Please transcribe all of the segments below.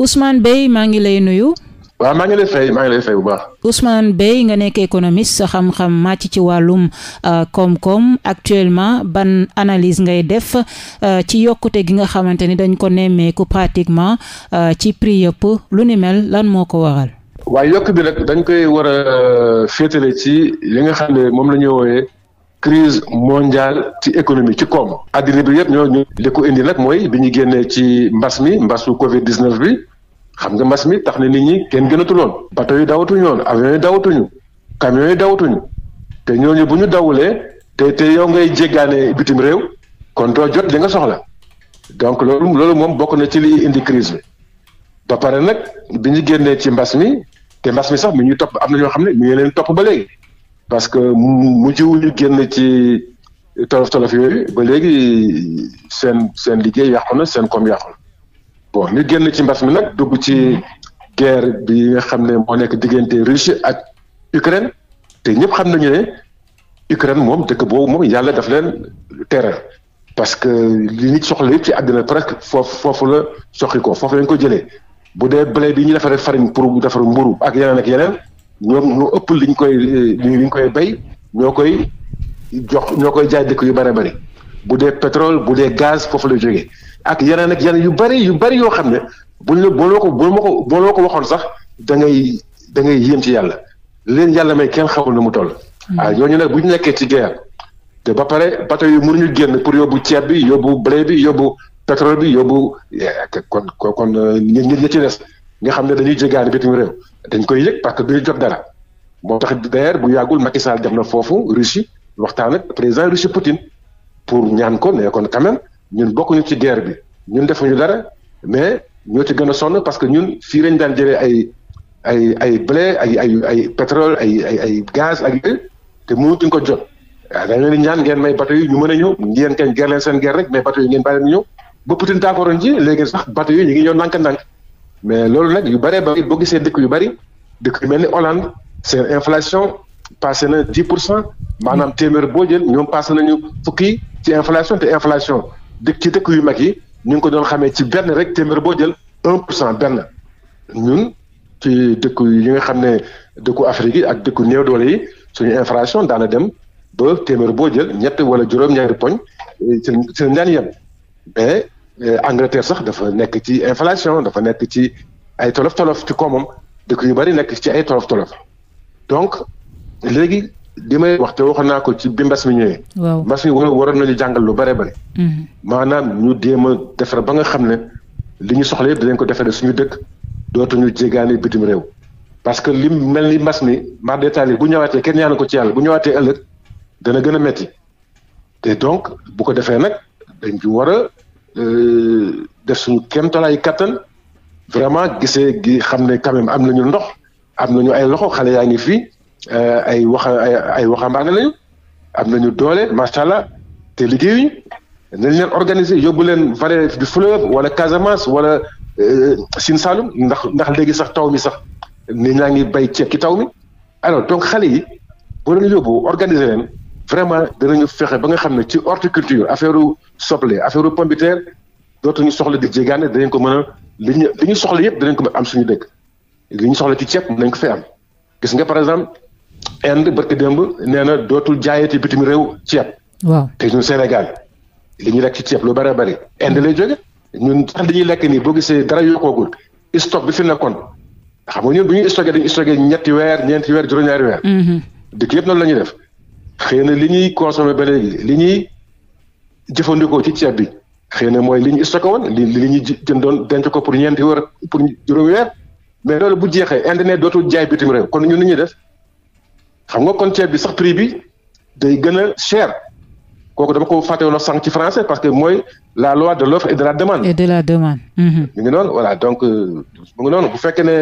Ousmane Beye maa ngi lay nuyu. waaw maa ngi lay fay maa ngi lay fay bu baax. Ousmane Beye nga nekk économiste sa xam-xam màcc ci wàllum euh, koom-koom actuellement ban analyse ngay def euh, ci yokkute gi nga xamante ni dañ ko nemmeeku pratiquement euh, ci prix yëpp lu ni mel lan moo ko waral. waaye yokk bi rek dañ koy war a féetale ci li nga xam ne moom la ñuy wooyee crise mondiale ci économie ci koom. àddina bi yëpp ñoo ñu li ko indi rek mooy bi ñu génnee ci mbas mi mbasu Covid bi. xam nga mbas mi tax na nit ñi kenn gënatuloon bateau yi dawatuñu woon avion yi dawatuñu camion yi dawatuñu te ñooñu bu ñu dawulee te te yow ngay jéggaane bitim réew kon doo jot li nga soxla donc loolu loolu moom bokk na ci li indi crise bi ba pare nag bi ñu génnee ci mbas mi te mbas mi sax mi ñuy topp am na ñoo xam ne mi ngi leen topp ba léegi parce que mu mujjiwuñu génn ci tolof tolof yooyu ba léegi seen seen liggéey yàqu na seen comme yàqu bon ñu génn ci mbas mi nag dugg ci guerre bi nga xam ne moo nekk diggante Russie ak Ukraine te ñëpp xam nañu ne Ukraine moom dëkk boobu moom yàlla daf leen tere parce que li nit soxla yëpp ci àddina presque foofu foofu la soxi ko foofu lañ ko jëlee bu dee blé bi ñu defaree farine pour defar mburu ak yeneen ak yeneen ñoom ñoo ëpp liñ koy liñ koy bay ñoo koy jox ñoo koy jaay dëkk yu bare bëri bu dee pétrole bu dee gaz foofu la jógee ak yeneen ak yeneen yu bari yu bari yoo xam ne buñ la booloo ko boo ma ko boo ko waxoon sax da ngay da ngay yéem ci yàlla leen yàlla may kenn xamul na mu toll. waaw hmm. ah, ñooñu nag bu ñu nekkee ci guerre te ba pare bateau yi mënuñu génn pour yóbbu ceeb bi yóbbu blé bi yóbbu pétrole bi yóbbu eh, kon kon kon ñi euh, ñi ci des nga xam ne dañuy jéggaani bitim réew dañ koy yëg parce que duñu jot dara moo tax d'ailleurs bu yàggul Macky Sall dem na foofu Russie waxtaan ak président Russie Poutine pour ñaan ko ne kon quand ñun bokkuñu ci guerre bi ñun defuñu dara mais ñoo ci gën a sonn parce que ñun fii lañ daan jëlee ay ay ay blé ay ay ay pétrole ay ay ay gaz ak yooyu te mënutuñ ko jot a ah, dañ leen ñaan ngeen may bateau yi ñu mën a ñëw ngeen kañ guerre leen seen geer rek mais bateau yi ngeen bàyyi leen ñëw ba Poutine d'accordoon léegi sax bateau yi ñu ngi ñëw ndànk-ndànk mais loolu nag yu bëree bari boo gisee dëkk yu bëri dëkk yu mel ni Hollande seen inflation passé na dix pour cent maanaam téeméer boo jël ñoom passé nañu fukki ci inflation te inflation dëkk ci dëkk yu mag yi ñu ngi ko doon xamee ci benn rek téeméer boo jël un pour cent benn ñun ci dëkk yi nga xam ne dëkku Afrique yi ak dëkku néew doole yi suñu inflation daana dem ba téeméer boo jël ñett wala juróom-ñaari poñ eh, seen seen ñaan mais eh, Angleterre sax dafa nekk ci inflation dafa nekk ci ay tolof tolof ci koomam dëkk yu bari nekk ci ay tolof tolof donc léegi li may wax te waxoon naa ko ci bi mbas mi ñëwee. waaw mbas mi waroon ñu jàngal lu bare bare. Mm-hmm. maanaam ñu jéem a defar ba nga xam ne li ñu soxla yëpp dinañ ko defaree suñu dëkk dootuñu jéegaane bitim réew. parce que li mel ni mbas mi mar détaillé bu ñëwaatee kenn ñaanu ko ci yàlla bu ñëwaatee ëllëg dana gën a metti te donc bu ko defee nag dañ ci war a euh, def suñu kéem tolluwaay kattan vraiment gisee gi xam ne quand am na ñu ndox am nañu ay loxo xale yaa ngi fii. Eh, ay waxa ay waxambaane lañu am nañu doole macha allah te liggéeyuñu nañ leen organiser yóbbu leen vallée du fleuve wala Casamance wala eh, Sine Saloum ndax ndax léegi sax taw mi sax nit ñaa ngi bay ceeb ki taw mi alors donc xale yi boo leen yóbbu organiser leen vraiment danañu fexe ba nga xam ne ci horticulture affaire soble affaire pomme de terre dootuñu soxla di jéegaane danañ ko mën a li ñu li ñu soxla yëpp danañ ko am suñu dëkk li ñu soxla ci ceeb mën ko fay am gis Inde barki démb nee na dootul jaayati bitim réew ceeb. waaw te ñun Sénégal li ñu lekk ci ceeb lu bari bari Inde lay jóge ñun sax ñu lekk nii boo gisee dara yokkoogul stock bi fi nekkoon xam nga ñun bu ñuy stocké dañuy stocké ñetti weer ñeenti weer juróom-ñaari weer. Mm-hmm. dëkk yëpp la ñuy def xëy na li ñuy consommé ba léegi li ñuy jëfandikoo ci ceeb bi xëy na mooy li ñu stocké woon li li ñuy jëndoon denc ko pour ñeenti weer pour juróomi weer mais loolu bu jeexee Inde ne dootul jaay bitim réew kon ñun li def. xam nga kon ceeb bi sax prix bi day gën a cher kooku dama ko fàtte wala sànq ci français parce que mooy la loi de l'offre et de la demande. et de la mm-hmm. euh, ngi noonu bu fekkee ne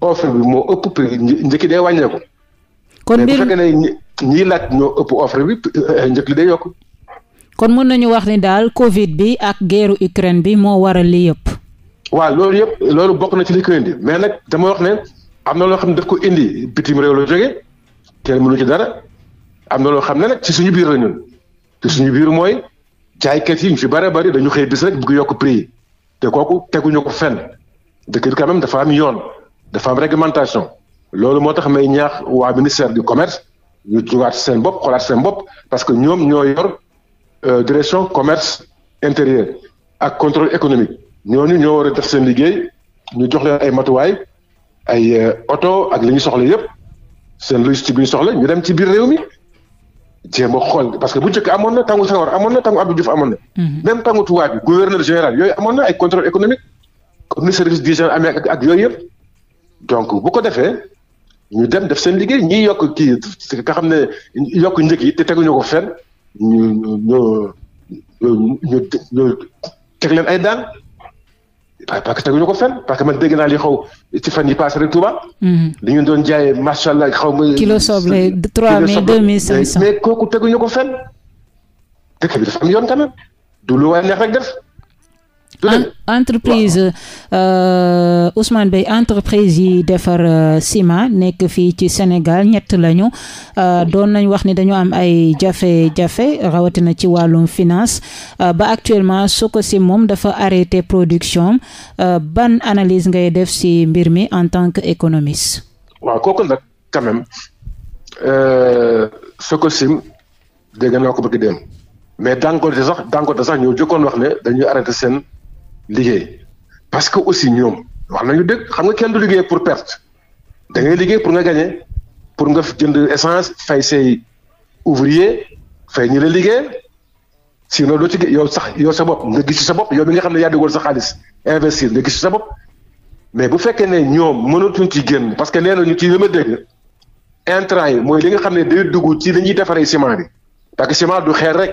offre bi moo ëpp njëkk day wàññeeku. kon bu fekkee ne ñiy laaj ñoo ëpp offre bi euh, yokk. kon mën nañu wax ni daal Covid bi ak guerru Ukraine bi moo waral lii yëpp. waaw loolu yëpp loolu bokk na ci li ko indi mais nag dama wax ne am na loo xam ne daf ko indi bitim réew la jógee. kenn mënu ci dara am na loo xam ne rek ci suñu biir la ñun te suñu biir mooy jaaykat yi ñu fi bare bari dañu xëy bis rek bëgg yokk prix te kooku teguñu ko fenn de bi quand même dafa am yoon dafa am réglementation loolu moo tax may ñaax waa ministère du commerce ñu jugaat seen bopp xoolaat seen bopp parce que ñoom ñoo yor euh, direction commerce intérieur ak contrôle économique ñoo ñu ñoo war a def seen liggéey ñu jox leen ay matuwaay ay euh, oto ak li ñu soxla yëpp. seen logistique bi ñu soxla ñu dem ci biir réew mi jéem a xool parce que bu njëkk amoon na tàngu Senghor amoon na tàngu Abdou Diouf amoon na. Mhm. même tàngu tubaab bi gouverneur général yooyu amoon na ay contrôle économique comme ni service d'hygiène ak yooyu yëpp donc bu ko defee ñu dem def seen liggéey ñiy yokk kii nga xam ne yokk njëg te teguñu ko fenn ñu ñu ñu ñu teg leen ay daan parce que teguñu ko fenn parce que man dégg naa li xaw ci fan yi paase rek Touba. Mhm. li ñu doon jaayee macha allah xaw ma. kilo soble 3000 2500 mais kooku teguñu ko fenn dëkk bi dafa am yoon tamit du lu waay neex rek def. entreprise euh, Ousmane Beye entreprise yi defar euh, ciment nekk fii ci Sénégal ñett lañu euh, doon nañ wax ni dañu am ay jafe-jafe rawatina ci wàllum finance ba actuellement soko Sococim moom dafa arrêté production ban analyse ngay def ci mbir mi en tant que économiste. waaw kooku ko ne dañuy arrêté seen. liggéey parce que aussi ñoom wax nañu dëgg xam nga kenn du liggéey pour perte da ngay liggéey pour nga gagner pour nga jënd essence fay say ouvrier fay ñi la liggéey sinon doo ci yow sax yow sa bopp nga gis sa bopp yow mi nga xam ne yaa dugal sa xaalis investir nga gis sa bopp mais bu fekkee ne ñoom mënatuñ ci génn parce que nee ñu ci li ma dégg intrant yi mooy li nga xam ne day dugg ci li ñuy defaree ciment parce que ciment du xeer rek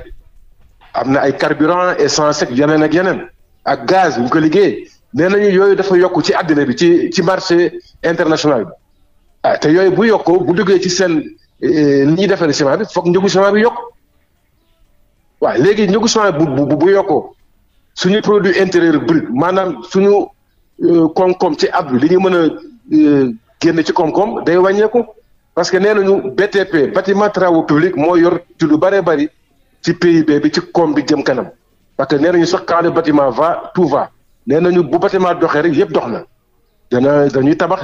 am na ay carburant essence ak yeneen ak yeneen. ak gaz ñu ko liggéey nee nañu yooyu dafa yokk ci àddina bi ci ci marché international bi ah te yooyu bu yokkoo bu duggee ci seen li eh, ñuy defaree ciment bi foog njëgu ciment yokk waaw léegi njëgu ciment bu bu bu yokkoo suñu produit intérieur brut maanaam suñu euh, koom-koom ci at bi li ñu mën a euh, génn ci koom-koom day wàññeeku parce que nee nañu BTP bâtiment travaux publics moo yor ci lu bëree bëri ci PIB bi ci koom bi jëm kanam parce que nee ñu sax quand le bâtiment va tout va nee ñu bu bâtiment doxee rek yëpp dox na dana dañuy tabax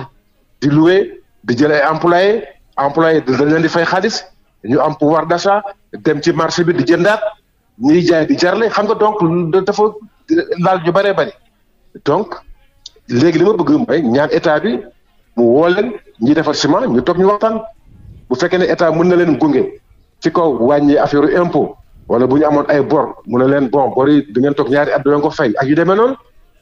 di louer di jël emploi emploi dañ leen di fay xaalis ñu am pouvoir d'achat dem ci marché bi di jëndaat ñuy jaay di jarle xam nga donc dafa laal ñu bëree bari donc léegi li ma bëgg mooy ñaan état bi mu woo leen ñiy defar ciment ñu toog ñu waxtaan bu fekkee ne état mën na leen gunge ci kaw wàññi affaire impôt wala bu ñu amoon ay bor mu ne leen bon bor yi di toog ñaari at du ngeen ko a ak yu demee noonu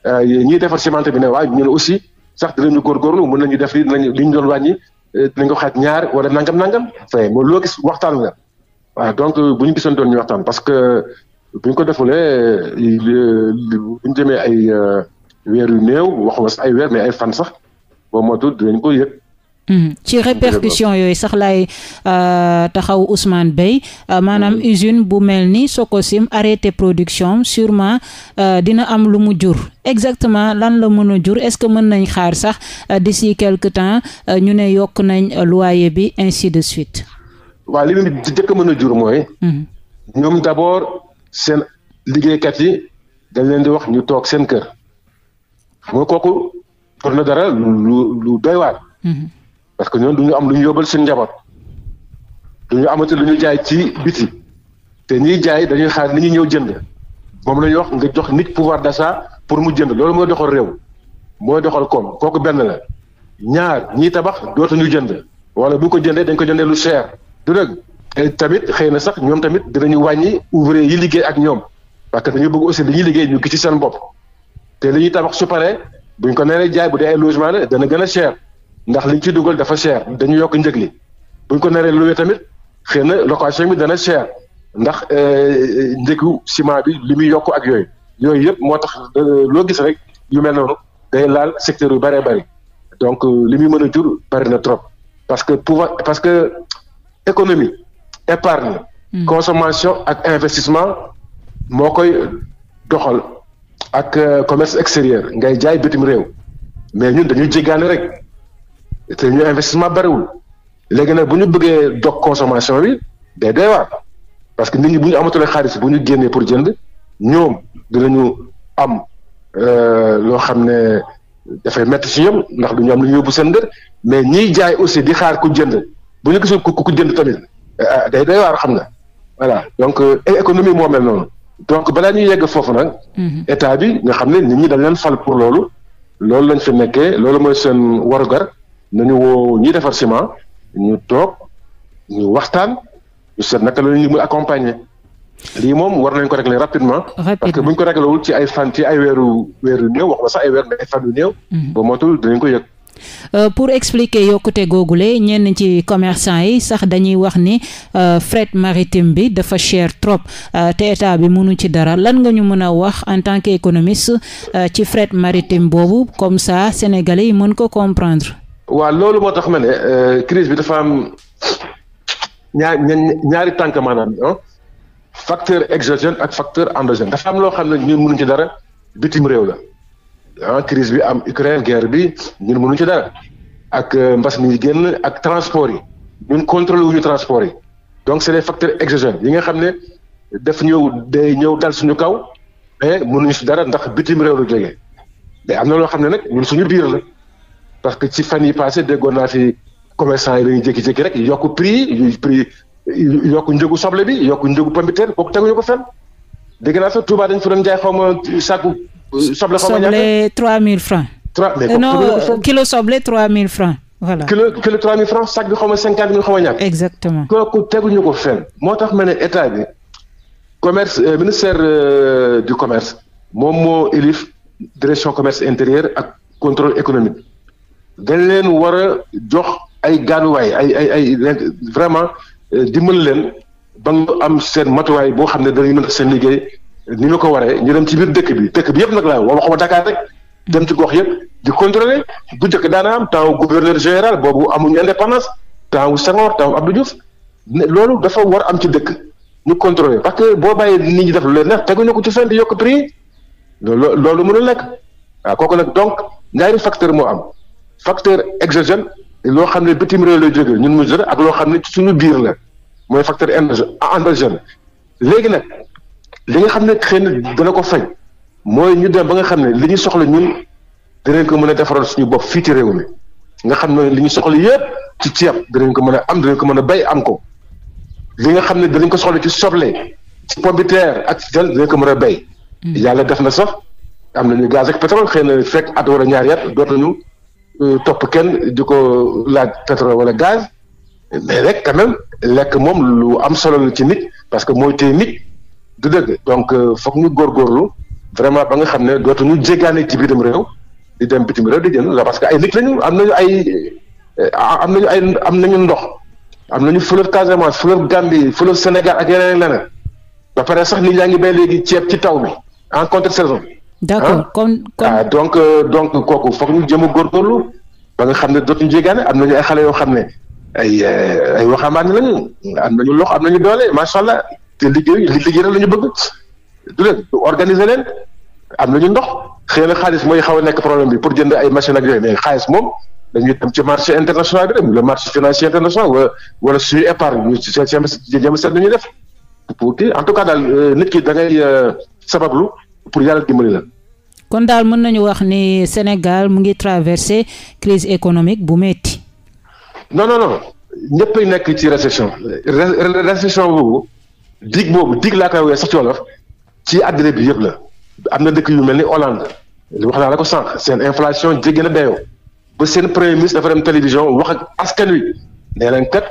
euh, ñiy defar ciment bi ne waaw ñu ne aussi sax dinañu góorgóorlu mën nañu def li dinañu li ñu doon wàññi euh, dinañ ko xaaj ñaar wala nangam nangam fay moo loo waxtaan la waaw donc euh, bu ñu gisoon doon ñu waxtaan parce que bu ñu ko defulee bu ñu demee ay weer yu neew waxuma sax ay weer mais ay fan sax boo motul dinañ ko yëg Mhm. ci répercussion yooyu sax laay euh, taxaw Ousmane Beye euh, maanaam mhm. usine bu mel ni Sococim arrêté production sûrement euh, dina am lu mu jur exactement lan la mën a jur est-ce que mën nañ xaar sax di d'ici quelque temps ñu ne yokk nañ loyer bi ainsi de suite waaw li mu jëkk mën a jur mooy mhm. ñoom d'abord seen liggéeykat yi dañ leen di wax ñu toog seen kër xam nga kooku pour na dara lu lu doy waar parce que ñoom duñu am luñu ñu yóbbal seen njaboot du ñu amati lu ñu jaay ci biti te ñiy jaay dañuy xaar ni ñuy ñëw jënd moom la ñuy wax nga jox nit pouvoir d'achat pour mu jënd loolu mooy doxal réew mooy doxal koom kooku benn la ñaar ñiy tabax dootuñu jënd wala bu ko jëndee dañ ko jëndee lu cher du dëgg tamit xëy na sax ñoom tamit dinañu wàññi ouvre yi liggéey ak ñoom parce que dañu bëgg aussi li ñuy liggéey ñu gis ci seen bopp te li ñuy tabax su paree buñ ko nee jaay bu dee ay logement dana gën a cher ndax liñ ci dugal dafa cher dañu yokk njëg li buñ ko naree luwee tamit xëy na location bi dana cher ndax euh, njëgu ciment bi li muy yokk ak yooyu yooyu yëpp moo tax euh, loo gis rek yu mel noonu day laal secteur yu bëree bëri donc euh, li muy mën a jur bëri na trop parce que pouvoir parce que économie épargne hmm. consommation ak investissement moo koy doxal ak commerce extérieur ngay jaay bitim réew mais ñun dañuy jéggaane rek te ñu investissement bariwul léegi nag bu ñu bëggee dog consommation bi day doy waar parce que nit ñi bu ñu amatulee xaalis bu ñu génnee pour jënd ñoom ñu am euh, loo xam ne dafay métti ci ñoom ndax du ñu am lu ñu yóbbu seen dër mais ñiy jaay aussi di xaar ku jënd bu ñu gisul ku ku jënd tamit ah, day doy waar xam nga voilà donc euh, économie moo mel noonu donc balaa ñuy yegg foofu nag. Mhm. état bi nga xam ne nit ñi dañ leen fal pour loolu. loolu lañ fi nekkee loolu nañu woo ñiy defar ciment ñu toog ñu waxtaan ñu seet naka la ñu mën accompagner lii moom war nañ ko régler rapidement. parce que ko réglé wul ci ay fan ay weeru weeru néew wax sax ay weer mais ay mhm. motul dinañ ko yëg. Euh, pour expliquer yokkute googule ñenn ci commercant yi sax dañuy wax ni euh, fret maritime bi dafa cher trop euh, te état bi mënul ci dara lan nga ñu mën a wax en tant que qu'économiste euh, ci fret maritime boobu comme ça sénégalais yi mën ko comprendre. waaw loolu moo tax ma ne euh, crise bi dafa am ñaar ñaari tànk maanaam ah, facteur exogène ak facteur endogène dafa am loo xam ne ñun mënuñ ci dara bitim réew la ah crise bi am Ukraine guerre bi ñun mënuñ ci dara ak euh, mbas mi ñu génn ak transport yi ñun contrôlé wuñu transport yi donc c'est les facteurs exogènes yi nga xam ne daf ñëw day ñëw dal suñu kaw mais mënuñu si dara ndax bitim réew la jege mais am na loo xam ne nag ñun suñu biir la. parce que ci fan yi passé déggoon naa fi commerçant yi dañuy jékki-jékki rek yokk prix yokku yokk soble bi yokk njëgu pombiteer kooku teguñu ko fenn dégg naa sax Touba dañ fa doon jaay xaw ma sàkku euh, soble xaw ma ñaata soble 3000 francs. 3 mais non kilo soble 3000 francs. voilà kilo kilo 3000 francs sac bi xaw ma 50 000 xaw ma ñaata. exactement kooku teguñu ko fenn moo tax ma ne état bi commerce euh, ministère euh, du commerce moom moo élif direction commerce intérieur ak contrôle économique. dañ leen war a jox ay gaanuwaay ay ay ay vraiment euh, dimbali leen ba nga am seen matuwaay boo xam ne dañuy mën seen liggéey ni ñu ko waree ñu dem ci biir dëkk bi dëkk bi yëpp nag laa waxuma Dakar rek dem ci gox yëpp di contrôler bu njëkk daana am temps gouverneur général boobu amuñu indépendance temps wu Senghor temps wu Abdou Diouf loolu dafa war am ci dëkk ñu contrôler parce que boo bàyyee nit ñi def lu leen neex teguñu ko ci seen di yokk prix loolu loolu mënul nekk kooku nag donc ñaari facteur moo am. facteur exogène loo xam ne bitim réew lay jógee ñun mu jël ak loo xam ne ci suñu biir la mooy facteur endogène léegi nag li nga xam ne xëy na dana ko faj mooy ñu dem ba nga xam ne li ñu soxla ñun dinañ ko mën a defaral suñu bopp fii ci réew mi nga xam ne li ñu soxla yëpp ci ceeb dinañ ko mën a am dinañ ko mën a bay am ko li nga xam ne dinañ ko soxla ci soble ci pomme terre ak ci dal dinañ ko mën a bay hmm. yàlla def na sax am na ñu gaz ak pétrole xëy na fekk at wala ñaari at doot nañu top kenn di ko laaj pétrole wala gaz mais rek quand lekk moom lu am solo lu ci nit parce que mooy téye nit du dëgg donc euh, foog ñu lu vraiment ba nga xam ne dootuñu jéggaane ci biiram réew di dem bitim réew di jënd la parce que ay nit lañu am nañu ay euh, am nañu ay am nañu ndox am nañu fleuve Casamance fleuve Gambie fleuve Sénégal ak yeneen leneen ba pare sax nit ñaa ngi bay léegi ceeb ci taw bi en contre saison. d'accord kon kon donc donc kooku foog ñu jëm a góorgóorlu ba nga xam ne dootuñu jéegaane am nañu ay xale yoo xam ne ay ay waxambaane lañu am nañu loxo am na ñu doole macha allah te liggéey liggéey rek la ñu bëgg du leen du organiser leen am nañu ndox xëy na xaalis mooy xaw a nekk problème bi pour jënd ay machine ak xaalis moom dañuy dem ci marché international bi dem le marché financier international wala wala suñu épargne ñu ci seen def pour en tout cas daal nit ki da ngay sabablu. pour yàlla dimbali la. kon daal mën nañu wax ni Sénégal mu ngi traversé crise économique bu metti non non non ñëpp nekk ci récession récession boobu dig boobu dig laa koy woowee sax ci wolof ci àddina bi yëpp la am na dëkk yu mel ni Hollande wax naa la ko sànq seen inflation jéggi na dayoo ba seen premier ministre dafa dem télévision wax ak askan wi nee leen kat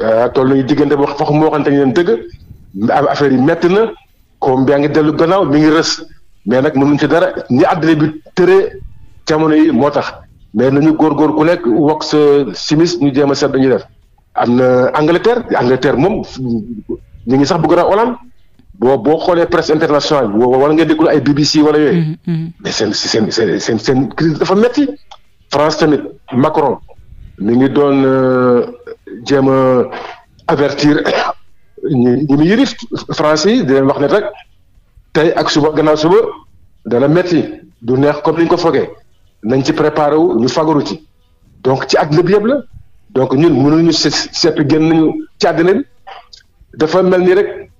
euh, toll nañu diggante wax wax moo xamante ne dëgg affaire yi métti na. koom bi yaa ngi dellu gannaaw mi ngi rës mais nag mënuñ ci dara ñi àddina bi tëree jamono yi moo tax mais nañu góorgóor ku nekk wokk sa simis ñu jéem a seet dañuy def am na Angleterre Angleterre moom ñu ngi sax bëgg naa Hollande boo boo xoolee presse internationale bi wala nga déglu ay BBC wala yooyu. Mm-hmm, mm-hmm. mais seen seen seen seen seen dafa metti France tamit Macron mi ngi doon euh, jéem a ñi ñi mu yërif français yi di wax ne rek tey ak suba gannaaw suba dana metti du neex comme ni ñu ko foogee nañ ci préparé wu ñu fagaru ci donc ci àddina bi yëpp la donc ñun mënuñu sepp génn nañu ci dafa mel ni rek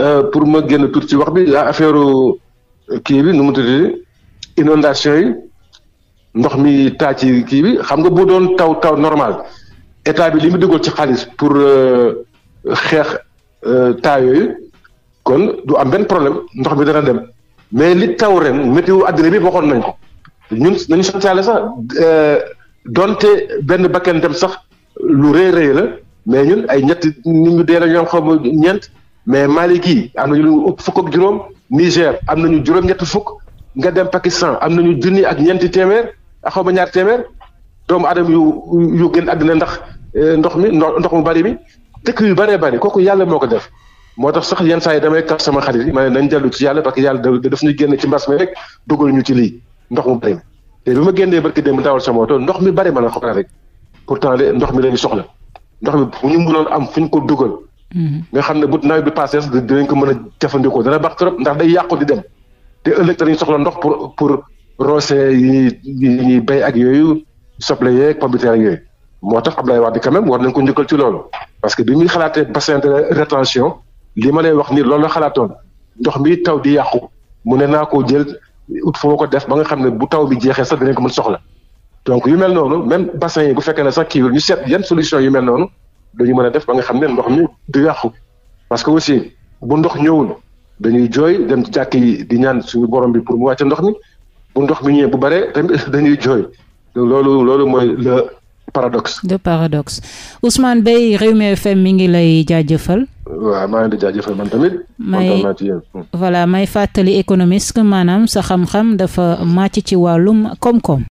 euh, pour ma génn tuuti ci wax bi la ah, affaire kii bi nu mu tudd inondation yi ndox mi taa ci kii bi xam nga boo doon taw taw normal état bi li mu dugal ci xaalis pour euh, xeex Euh, temps yooyu kon du am benn problème ndox mi dana dem mais li taw ren météo àddina bi waxoon nañ ko ñun nañu sant yàlla sax euh, donte benn bakkan dem sax lu rëy rëy la mais ñun ay ñetti nit ñu dee la ñoom xaw ma ñeent mais Mali gii am nañu ñu ëpp fukk juróom Niger am na ñu ñetti fukk nga dem Pakistan am nañu junni ak ñeenti téeméer ak xaw ma ñaar téeméer doomu aadama yu yu gën àddina ndax euh, ndox mi ndox mu bari mi dëkk yu bëree bëri kooku yàlla moo ko def moo tax sax yenn saa yi damay kar sama xarit yi ma ne nañ dellu ci yàlla parce que yàlla daf ñu génn ci mbas mi rek dugal ñu ci lii ndox mu bëri mi te bi ma génnee barki démb dawal sama mi bëri ma la xobra rek mi lañu soxla ndox am fu ñu ko dugal mm-hmm. nga xam ne bu nawet bi passé sax dinañ ko mën a jëfandikoo dana baax trop ndax day yàqu di dem te ëllëg dañuy soxla ndox pour pour roose yi ñuy bay ak yooyu soble yeeg pombiteer ak yooyu moo tax Abdoulaye Wade quand même war nañ ko njëkkal ci loolu parce que bi muy xalaatee bassin de rétention li ma lay wax ni loolu la xalaatoon ndox mi taw di yàqu mu ne naa koo jël ut foo ko def ba nga xam ne bu taw bi jeexee sax dinañ ko mën soxla donc yu mel noonu même bassin yi bu fekkee ne sax kii ñu seet yan solution yu mel noonu dañu mën a def ba nga xam ne ndox mi du yàqu parce que aussi bu ndox ñëwul dañuy jooy dem ci jàkk yi di ñaan suñu borom bi pour mu wàcce ndox mi bu ndox mi ñëwee bu bare tamit dañuy jooy loolu loolu mooy paradoxe. de paradoxe Ousmane Beye Rewmi FM mi ngi lay jaajëfal. waaw maa ngi di jaajëfal man tamit. may hmm. voilà may fàttali économiste maanaam sa xam-xam dafa màcc ci wàllum koom-koom.